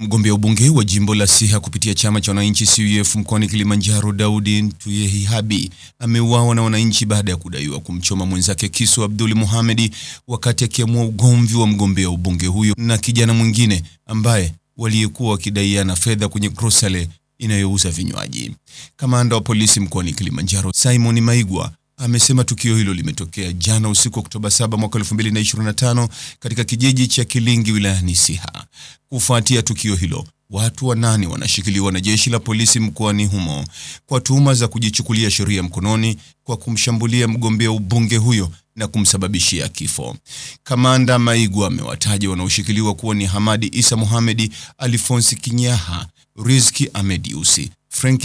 Mgombea ubunge wa jimbo la Siha kupitia chama cha wananchi CUF mkoani Kilimanjaro, Daudi Ntuyehihabi ameuawa na wananchi baada ya kudaiwa kumchoma mwenzake kisu Abduli muhamedi wakati akiamua ugomvi wa mgombea ubunge huyo na kijana mwingine ambaye waliyekuwa wakidaiana fedha kwenye grocery inayouza vinywaji. Kamanda wa polisi mkoani Kilimanjaro, Simon Maigwa amesema tukio hilo limetokea jana usiku wa Oktoba 7 mwaka 2025 katika kijiji cha Kilingi wilayani Siha. Kufuatia tukio hilo, watu wanane wanashikiliwa na jeshi la polisi mkoani humo kwa tuhuma za kujichukulia sheria mkononi kwa kumshambulia mgombea ubunge huyo na kumsababishia kifo. Kamanda Maigwa amewataja wanaoshikiliwa kuwa ni Hamadi Isa muhamedi Alfonsi Kinyaha, Rizki Ahmed Usi,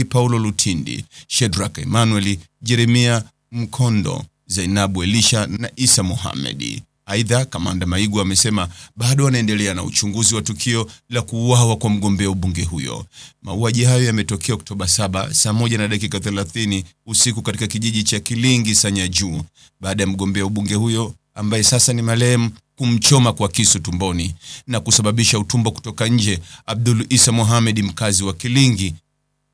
Paulo Lutindi, Shedrak Emmanuel, Jeremia Mkondo, Zainabu Elisha na Isa muhamedi Aidha, Kamanda Maigu amesema bado wanaendelea na uchunguzi wa tukio la kuuawa kwa mgombea ubunge huyo. Mauaji hayo yametokea Oktoba 7 saa moja na dakika 30 usiku katika kijiji cha Kilingi Sanya Juu, baada ya mgombea ubunge huyo ambaye sasa ni marehemu kumchoma kwa kisu tumboni na kusababisha utumbo kutoka nje. Abdul Isa Mohamed, mkazi wa Kilingi,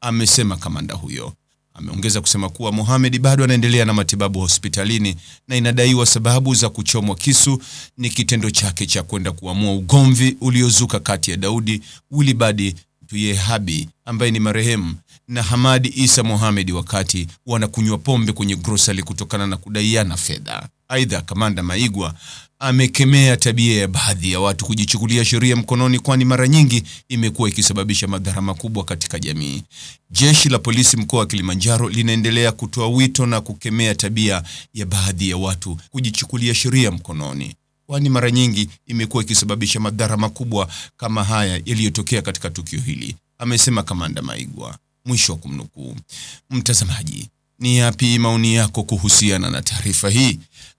amesema kamanda huyo. Ameongeza kusema kuwa Mohamed bado anaendelea na matibabu hospitalini na inadaiwa sababu za kuchomwa kisu ni kitendo chake cha kwenda kuamua ugomvi uliozuka kati ya Daudi Wilibadi Tuyehabi ambaye ni marehemu na Hamadi Isa Mohamed wakati wanakunywa pombe kwenye grocery kutokana na kudaiana fedha. Aidha, kamanda Maigwa amekemea tabia ya baadhi ya watu kujichukulia sheria mkononi, kwani mara nyingi imekuwa ikisababisha madhara makubwa katika jamii. Jeshi la polisi mkoa wa Kilimanjaro linaendelea kutoa wito na kukemea tabia ya baadhi ya watu kujichukulia sheria mkononi, kwani mara nyingi imekuwa ikisababisha madhara makubwa kama haya yaliyotokea katika tukio hili, amesema kamanda Maigwa. Mwisho wa kumnukuu. Mtazamaji, ni yapi maoni yako kuhusiana na taarifa hii?